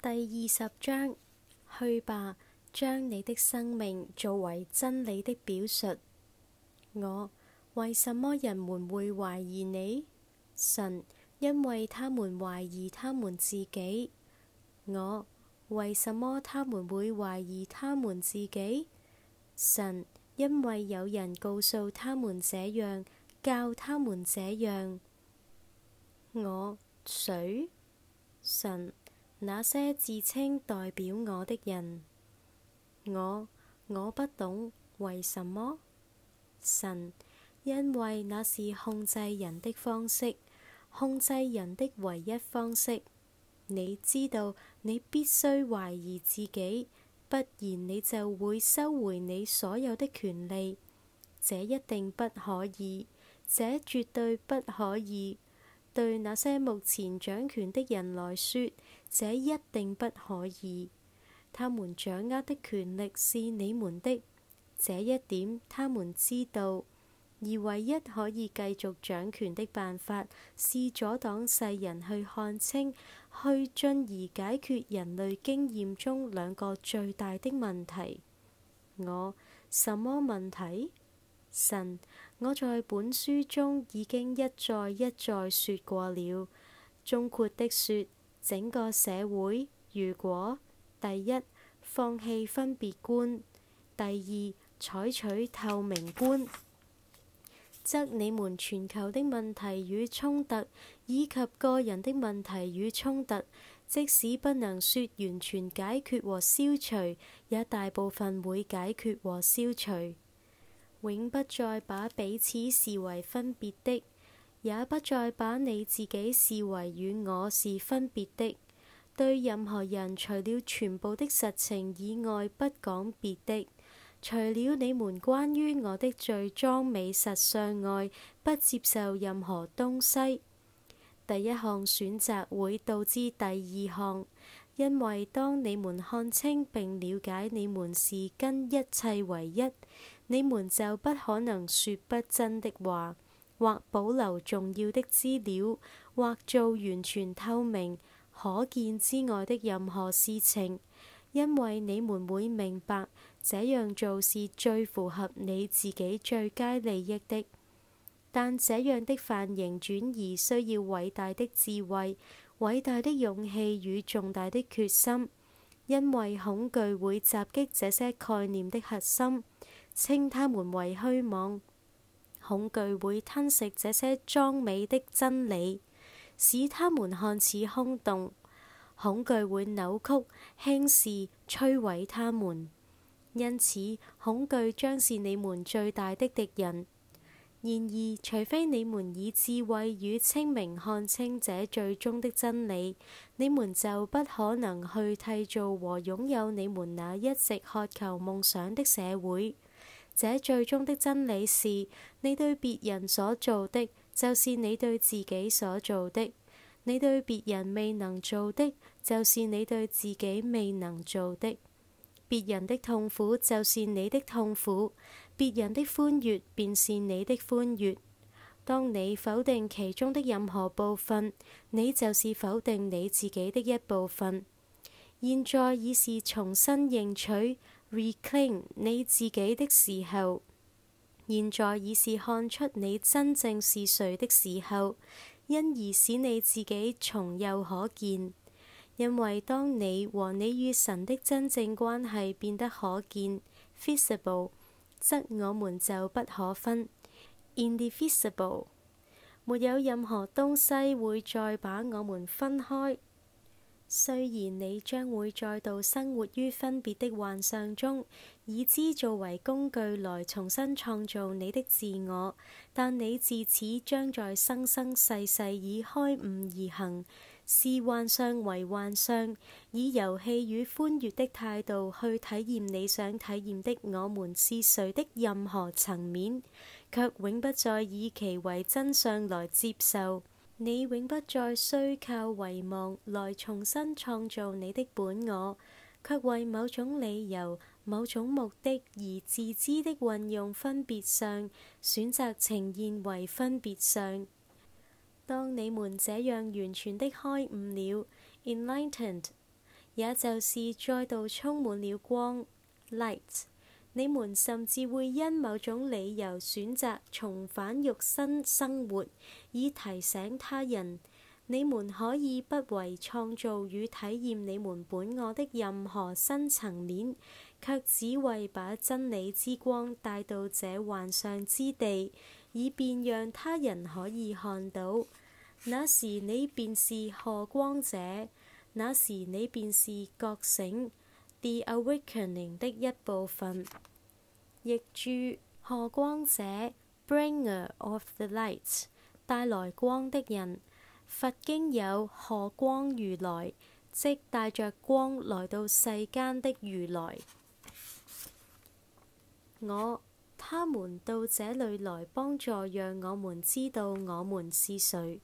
第二十章，去吧，將你的生命作為真理的表述。我，為什麼人們會懷疑你？神，因為他們懷疑他們自己。我，為什麼他們會懷疑他們自己？神，因為有人告訴他們這樣，教他們這樣。我，誰？神。那些自稱代表我的人。我，我不懂為什麼？神，因為那是控制人的方式，控制人的唯一方式。你知道你必須懷疑自己，不然你就會收回你所有的權利。這一定不可以，這絕對不可以。對那些目前掌權的人來說，這一定不可以。他們掌握的權力是你們的，這一點他們知道。而唯一可以繼續掌權的辦法，是阻擋世人去看清，去進而解決人類經驗中兩個最大的問題。我，什麼問題？神。我在本書中已經一再一再說過了，總括的說，整個社會如果第一放棄分別觀，第二採取透明觀，則你們全球的問題與衝突，以及個人的問題與衝突，即使不能說完全解決和消除，也大部分會解決和消除。永不再把彼此視為分別的，也不再把你自己視為與我是分別的。對任何人，除了全部的實情以外，不講別的。除了你們關於我的最壯美實相外，不接受任何東西。第一項選擇會導致第二項，因為當你們看清並了解你們是跟一切唯一。你們就不可能說不真的話，或保留重要的資料，或做完全透明、可見之外的任何事情，因為你們會明白這樣做是最符合你自己最佳利益的。但這樣的範型轉移需要偉大的智慧、偉大的勇氣與重大的決心，因為恐懼會襲擊這些概念的核心。稱他們為虛妄，恐懼會吞噬這些裝美的真理，使他們看似空洞。恐懼會扭曲、輕視、摧毀他們，因此恐懼將是你們最大的敵人。然而，除非你們以智慧與清明看清這最終的真理，你們就不可能去締造和擁有你們那一直渴求夢想的社會。這最終的真理是：你對別人所做的，就是你對自己所做的；你對別人未能做的，就是你對自己未能做的。別人的痛苦就是你的痛苦，別人的歡悅便是你的歡悅。當你否定其中的任何部分，你就是否定你自己的一部分。現在已是重新認取 Reclaim 你自己的時候，現在已是看出你真正是誰的時候，因而使你自己從右可見。因為當你和你與神的真正關係變得可見 （visible），則我們就不可分 （indivisible）。沒有任何東西會再把我們分開。雖然你將會再度生活於分別的幻象中，以之作為工具來重新創造你的自我，但你自此將在生生世世以開悟而行，視幻象為幻象，以遊戲與歡悅的態度去體驗你想體驗的我們是誰的任何層面，卻永不再以其為真相來接受。你永不再需靠遺忘來重新創造你的本我，卻為某種理由、某種目的而自知的運用分別上選擇呈現為分別上。當你們這樣完全的開悟了，enlightened，也就是再度充滿了光，light。你們甚至會因某種理由選擇重返肉身生活，以提醒他人你們可以不為創造與體驗你們本我的任何新層面，卻只為把真理之光帶到這幻象之地，以便讓他人可以看到。那時你便是荷光者，那時你便是覺醒。The awakening 的一部分，亦珠賀光者，bringer of the light，帶來光的人。佛經有賀光如來，即帶着光來到世間的如來。我，他們到這裏來幫助，讓我們知道我們是誰。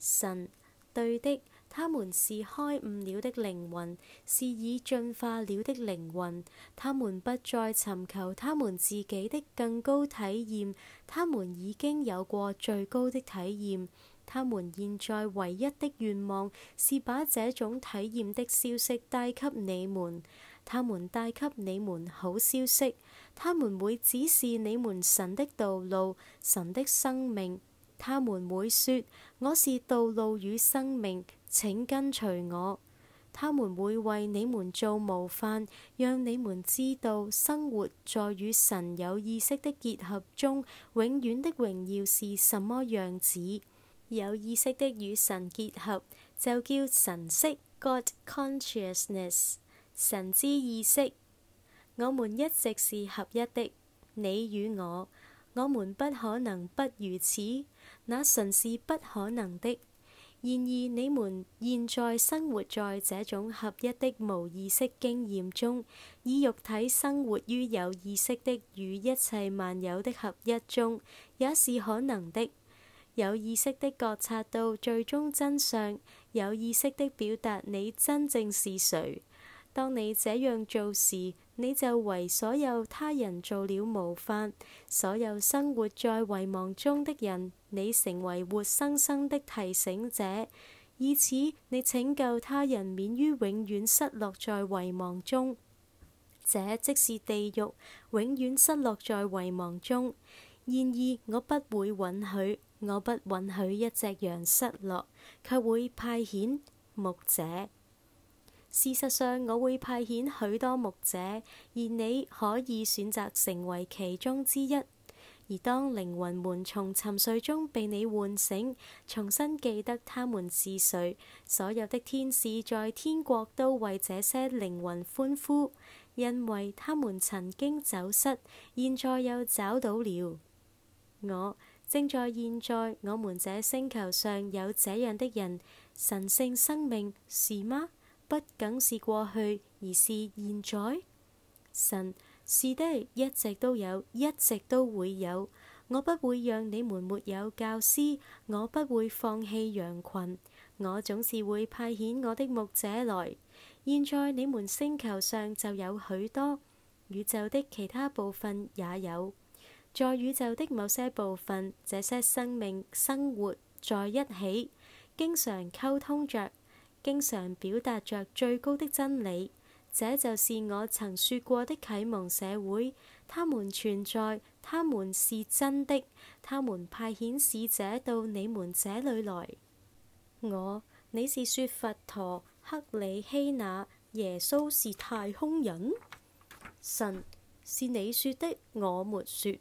神，對的。他們是開悟了的靈魂，是已進化了的靈魂。他們不再尋求他們自己的更高體驗，他們已經有過最高的體驗。他們現在唯一的願望是把這種體驗的消息帶給你們。他們帶給你們好消息，他們會指示你們神的道路、神的生命。他們會說：我是道路與生命。請跟隨我，他們會為你們做模範，讓你們知道生活在與神有意識的結合中，永遠的榮耀是什麼樣子。有意識的與神結合就叫神識 （God Consciousness），神之意識。我們一直是合一的，你與我，我們不可能不如此。那神是不可能的。然而，你們現在生活在這種合一的無意識經驗中，以肉體生活於有意識的與一切萬有的合一中，也是可能的。有意識的覺察到最終真相，有意識的表達你真正是誰。當你這樣做時，你就為所有他人做了模範，所有生活在遺忘中的人，你成為活生生的提醒者，以此你拯救他人免於永遠失落，在遺忘中。這即是地獄，永遠失落，在遺忘中。然而我不會允許，我不允許一隻羊失落，卻會派遣牧者。事實上，我會派遣許多牧者，而你可以選擇成為其中之一。而當靈魂們從沉睡中被你喚醒，重新記得他們是誰，所有的天使在天國都為這些靈魂歡呼，因為他們曾經走失，現在又找到了。我正在現在，我們這星球上有這樣的人，神性生命，是嗎？不僅是過去，而是現在。神，是的，一直都有，一直都會有。我不會讓你們沒有教師，我不會放棄羊群，我總是會派遣我的牧者來。現在你們星球上就有許多，宇宙的其他部分也有，在宇宙的某些部分，這些生命生活在一起，經常溝通着。經常表達着最高的真理，這就是我曾說過的啟蒙社會。他們存在，他們是真的，他們派遣使者到你們這裏來。我，你是說佛陀、克里希那、耶穌是太空人？神，是你說的，我沒說。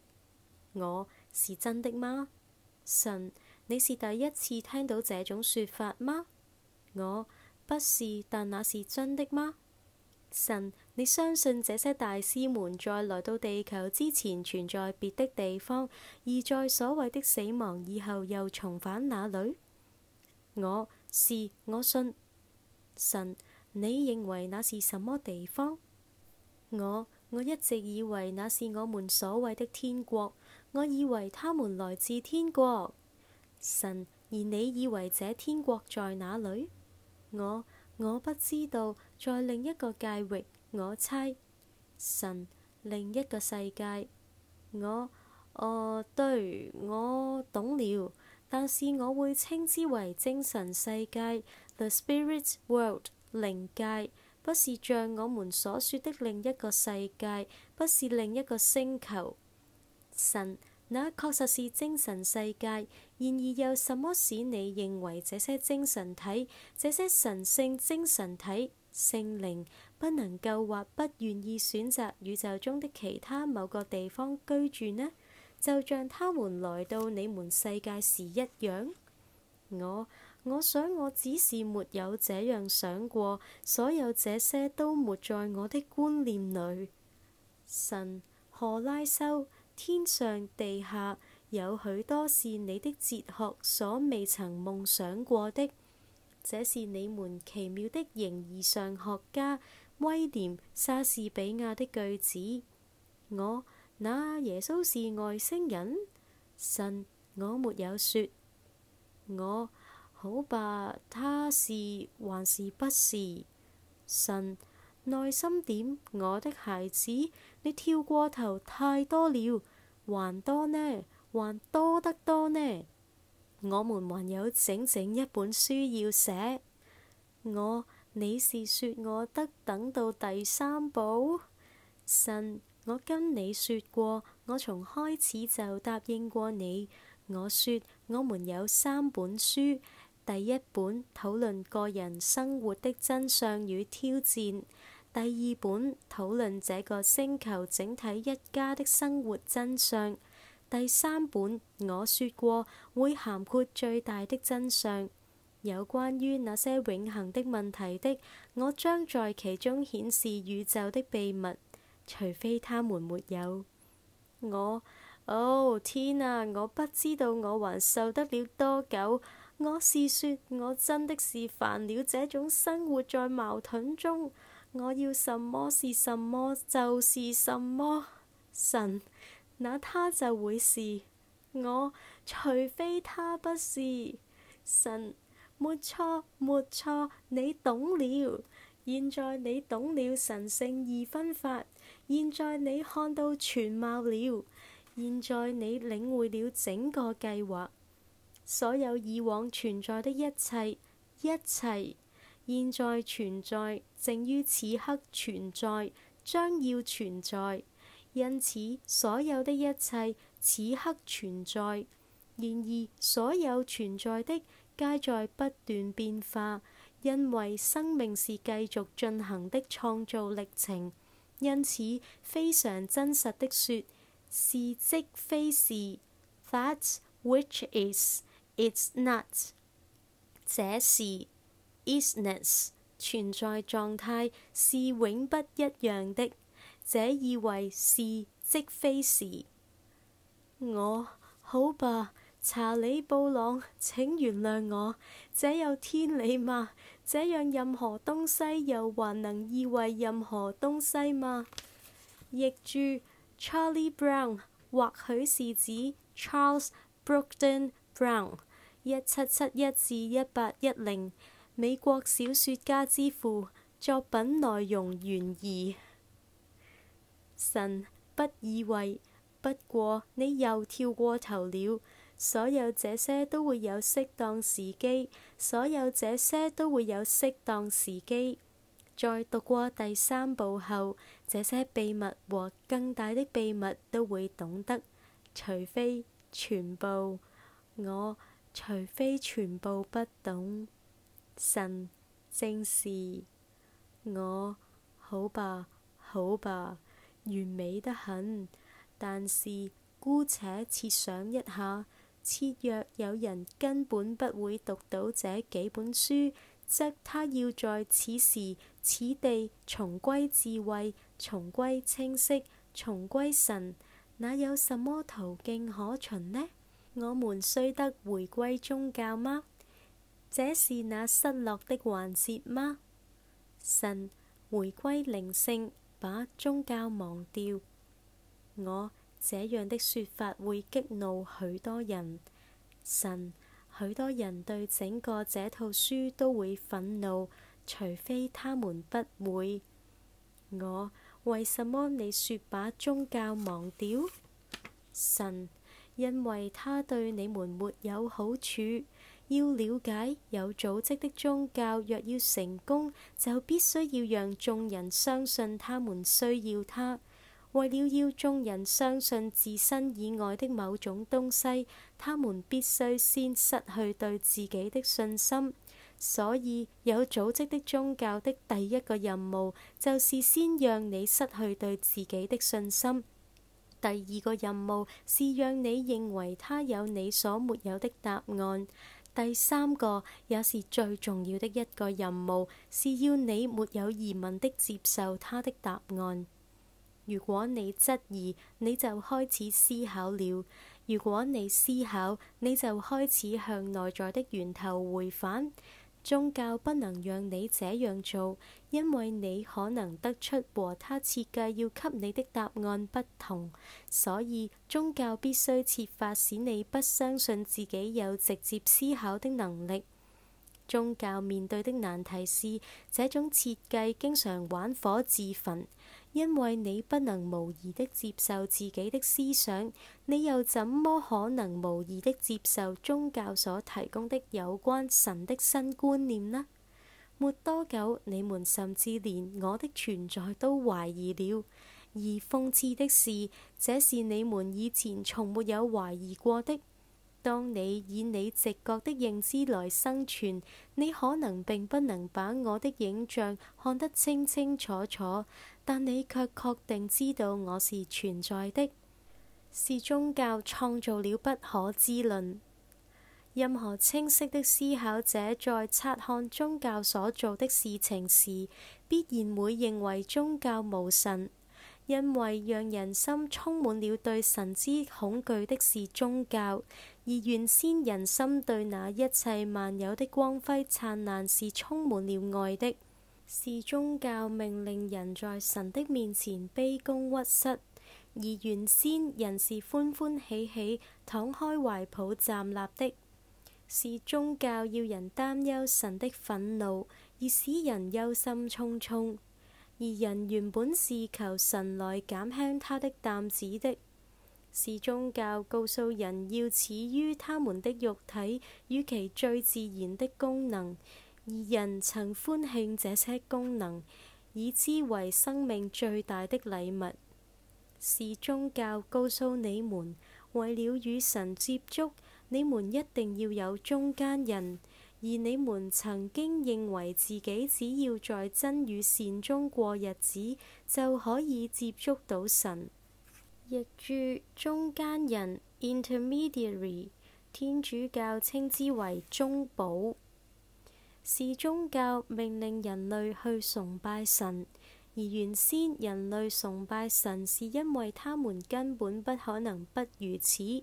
我是真的嗎？神，你是第一次聽到這種說法嗎？我不是，但那是真的嗎？神，你相信這些大師們在來到地球之前存在別的地方，而在所謂的死亡以後又重返哪裏？我是，我信。神，你認為那是什麼地方？我我一直以為那是我們所謂的天國，我以為他們來自天國。神，而你以為這天國在哪裏？我我不知道，在另一個界域，我猜神另一個世界。我哦，對，我懂了，但是我會稱之為精神世界，The Spirit World 靈界，不是像我們所說的另一個世界，不是另一個星球，神。那確實是精神世界，然而有什麼使你認為這些精神體、這些神聖精神體、聖靈不能夠或不願意選擇宇宙中的其他某個地方居住呢？就像他們來到你們世界時一樣，我我想我只是沒有這樣想過，所有這些都沒在我的觀念裏。神，何拉修。天上地下有許多是你的哲學所未曾夢想過的，這是你們奇妙的形而上學家威廉莎士比亞的句子。我，那耶穌是外星人？神，我沒有說。我，好吧，他是還是不是？神。耐心點，我的孩子，你跳過頭太多了，還多呢，還多得多呢。我們還有整整一本書要寫。我，你是說我得等到第三部？神，我跟你說過，我從開始就答應過你。我說，我們有三本書，第一本討論個人生活的真相與挑戰。第二本討論這個星球整體一家的生活真相。第三本我說過會涵括最大的真相，有關於那些永恆的問題的。我將在其中顯示宇宙的秘密，除非他們沒有我。哦，天啊！我不知道我還受得了多久。我是說我真的是煩了，這種生活在矛盾中。我要什麼是什麼，就是什麼神，那他就會是我，除非他不是神。沒錯，沒錯，你懂了。現在你懂了神聖二分法。現在你看到全貌了。現在你領會了整個計劃，所有以往存在的一切，一切現在存在，正於此刻存在，將要存在，因此所有的一切此刻存在。然而，所有存在的皆在不斷變化，因為生命是繼續進行的創造歷程。因此，非常真實的說，是即非是。That which is, it's not。這是 isness。存在狀態是永不一樣的，這意為是即非是。我好吧，查理布朗，請原諒我。這有天理嗎？這樣任何東西又還能意為任何東西嗎？譯註：Charlie Brown 或許是指 Charles Brockden Brown，一七七一至一八一零。美國小說家之父，作品內容懸疑。神不以為，不過你又跳過頭了。所有這些都會有適當時機，所有這些都會有適當時機。在讀過第三部後，這些秘密和更大的秘密都會懂得，除非全部，我除非全部不懂。神正是我，好吧，好吧，完美得很。但是姑且設想一下，倘若有人根本不會讀到這幾本書，則他要在此時此地重歸智慧、重歸清晰、重歸神，那有什麼途徑可循呢？我們需得回歸宗教嗎？這是那失落的環節嗎？神，回歸靈性，把宗教忘掉。我這樣的說法會激怒許多人。神，許多人對整個這套書都會憤怒，除非他們不會。我為什麼你說把宗教忘掉？神，因為它對你們沒有好處。要了解有組織的宗教，若要成功，就必須要讓眾人相信他們需要他。為了要眾人相信自身以外的某種東西，他們必須先失去對自己的信心。所以，有組織的宗教的第一個任務就是先讓你失去對自己的信心。第二個任務是讓你認為他有你所沒有的答案。第三個，也是最重要的一個任務，是要你沒有疑問的接受他的答案。如果你質疑，你就開始思考了；如果你思考，你就開始向內在的源頭回返。宗教不能讓你這樣做，因為你可能得出和他設計要給你的答案不同，所以宗教必須設法使你不相信自己有直接思考的能力。宗教面對的難題是這種設計經常玩火自焚。因為你不能無疑的接受自己的思想，你又怎麼可能無疑的接受宗教所提供的有關神的新觀念呢？沒多久，你們甚至連我的存在都懷疑了。而諷刺的是，這是你們以前從沒有懷疑過的。當你以你直覺的認知來生存，你可能並不能把我的影像看得清清楚楚，但你卻確定知道我是存在的。是宗教創造了不可知論。任何清晰的思考者在察看宗教所做的事情時，必然會認為宗教無神，因為讓人心充滿了對神之恐懼的是宗教。而原先人心對那一切萬有的光輝燦爛是充滿了愛的，是宗教命令人在神的面前卑躬屈膝；而原先人是歡歡喜喜、敞開懷抱站立的，是宗教要人擔憂神的憤怒，而使人憂心忡忡；而人原本是求神來減輕他的擔子的。是宗教告訴人要始於他們的肉體與其最自然的功能，而人曾歡慶這些功能，以之為生命最大的禮物。是宗教告訴你們，為了與神接觸，你們一定要有中間人，而你們曾經認為自己只要在真與善中過日子，就可以接觸到神。亦著《中間人》（intermediary），天主教稱之為中保，是宗教命令人類去崇拜神，而原先人類崇拜神是因為他們根本不可能不如此。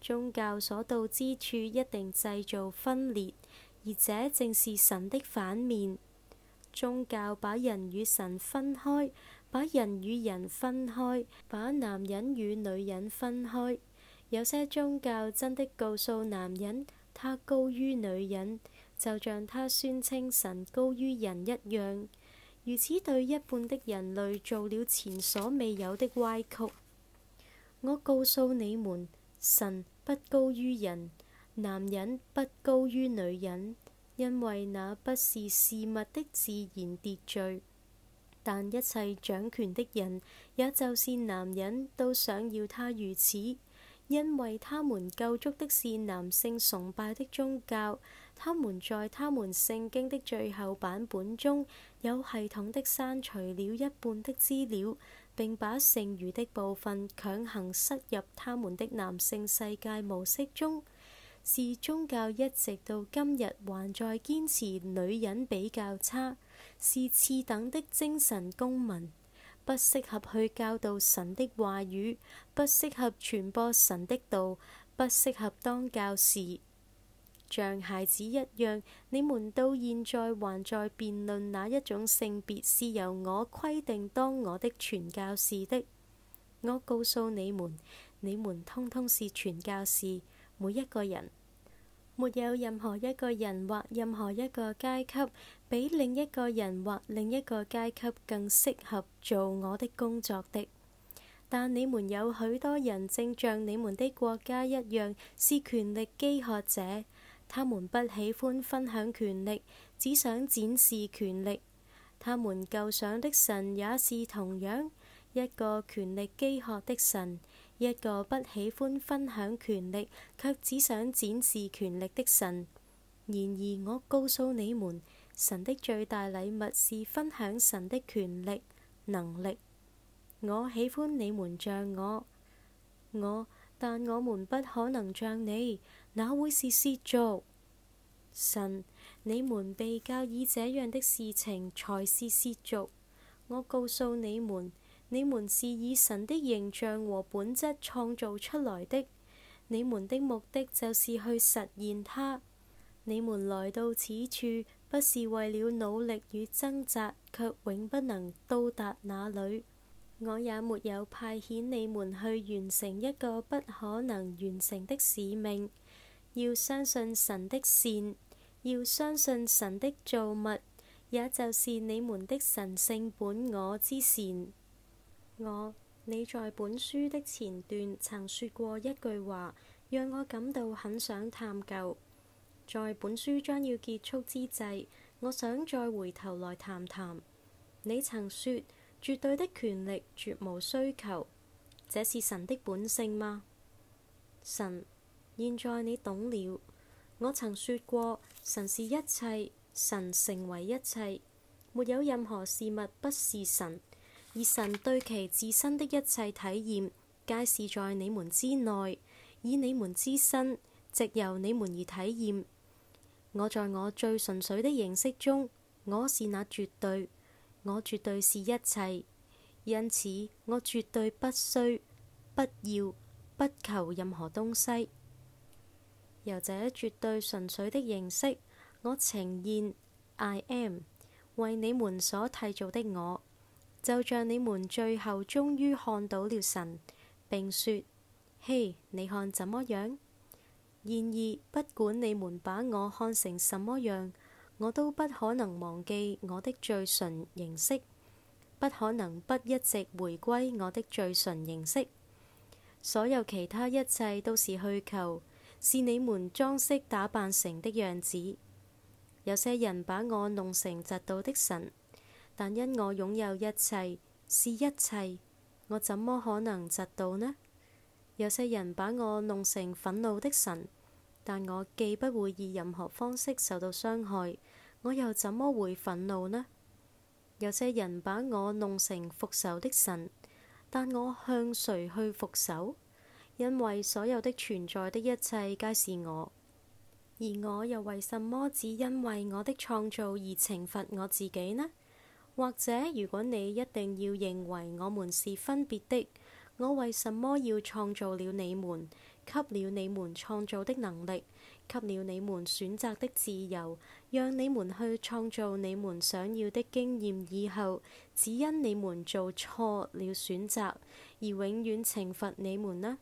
宗教所到之處一定製造分裂，而這正是神的反面。宗教把人與神分開。把人與人分開，把男人與女人分開。有些宗教真的告訴男人他高於女人，就像他宣稱神高於人一樣。如此對一半的人類做了前所未有的歪曲。我告訴你們，神不高於人，男人不高於女人，因為那不是事物的自然秩序。但一切掌權的人，也就是男人都想要他如此，因為他們救足的是男性崇拜的宗教。他們在他們聖經的最後版本中有系統的刪除了一半的資料，並把剩餘的部分強行塞入他們的男性世界模式中。是宗教一直到今日還在堅持女人比較差。是次等的精神公民，不適合去教導神的話語，不適合傳播神的道，不適合當教士。像孩子一樣，你們到現在還在辯論哪一種性別是由我規定當我的傳教士的。我告訴你們，你們通通是傳教士，每一個人。沒有任何一個人或任何一個階級比另一個人或另一個階級更適合做我的工作的。但你們有許多人正像你們的國家一樣，是權力飢渴者，他們不喜歡分享權力，只想展示權力。他們構想的神也是同樣一個權力飢渴的神。一個不喜歡分享權力，卻只想展示權力的神。然而，我告訴你們，神的最大禮物是分享神的權力能力。我喜歡你們像我，我，但我們不可能像你，那會是褻瀆。神，你們被教以這樣的事情才是褻瀆。我告訴你們。你們是以神的形象和本質創造出來的，你們的目的就是去實現它。你們來到此處不是為了努力與掙扎，卻永不能到達那裡。我也沒有派遣你們去完成一個不可能完成的使命。要相信神的善，要相信神的造物，也就是你們的神聖本我之善。我，你在本書的前段曾說過一句話，讓我感到很想探究。在本書將要結束之際，我想再回頭來談談。你曾說絕對的權力絕無需求，這是神的本性嗎？神，現在你懂了。我曾說過，神是一切，神成為一切，沒有任何事物不是神。以神對其自身的一切體驗皆是在你們之內，以你們之身，藉由你們而體驗。我在我最純粹的形式中，我是那絕對，我絕對是一切，因此我絕對不需、不要、不求任何東西。由這絕對純粹的形式，我呈現 I am，為你們所締造的我。就像你們最後終於看到了神，並說：嘿、hey，你看怎麼樣？然而，不管你們把我看成什麼樣，我都不可能忘記我的最純形式，不可能不一直回歸我的最純形式。所有其他一切都是虛構，是你們裝飾打扮成的樣子。有些人把我弄成嫉妒的神。但因我擁有一切，是一切，我怎麼可能嫉妒呢？有些人把我弄成憤怒的神，但我既不會以任何方式受到傷害，我又怎麼會憤怒呢？有些人把我弄成復仇的神，但我向誰去復仇？因為所有的存在的一切皆是我，而我又為什麼只因為我的創造而懲罰我自己呢？或者，如果你一定要認為我們是分別的，我為什麼要創造了你們，給了你們創造的能力，給了你們選擇的自由，讓你們去創造你們想要的經驗以後，只因你們做錯了選擇，而永遠懲罰你們呢？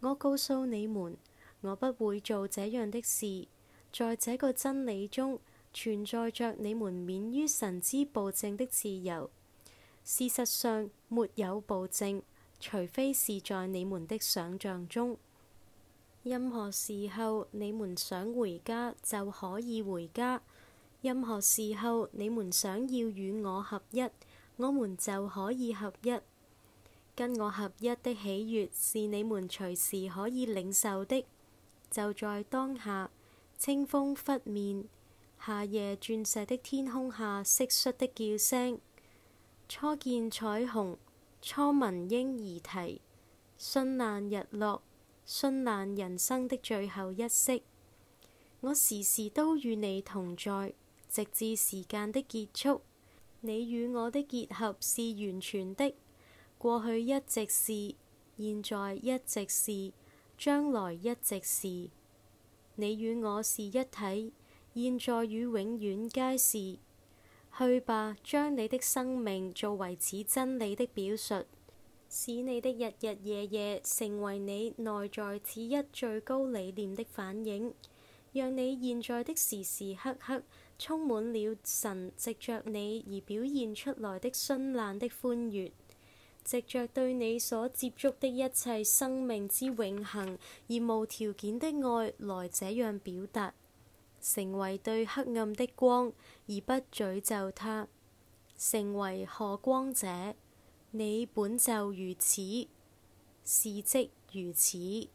我告訴你們，我不會做這樣的事，在這個真理中。存在着你們免於神之暴政的自由。事實上，沒有暴政，除非是在你們的想象中。任何時候你們想回家就可以回家。任何時候你們想要與我合一，我們就可以合一。跟我合一的喜悅是你們隨時可以領受的，就在當下。清風拂面。夏夜鑽石的天空下，蟋蟀的叫聲，初見彩虹，初聞嬰兒啼；絢爛日落，絢爛人生的最後一息。我時時都與你同在，直至時間的結束。你與我的結合是完全的，過去一直是，現在一直是，將來一直是。你與我是一體。現在與永遠皆是去吧，將你的生命作為此真理的表述，使你的日日夜夜成為你內在此一最高理念的反映，讓你現在的時時刻刻充滿了神藉着你而表現出來的絢爛的歡悅，藉着對你所接觸的一切生命之永恆而無條件的愛來這樣表達。成為對黑暗的光，而不詛咒他。成為賀光者，你本就如此，事蹟如此。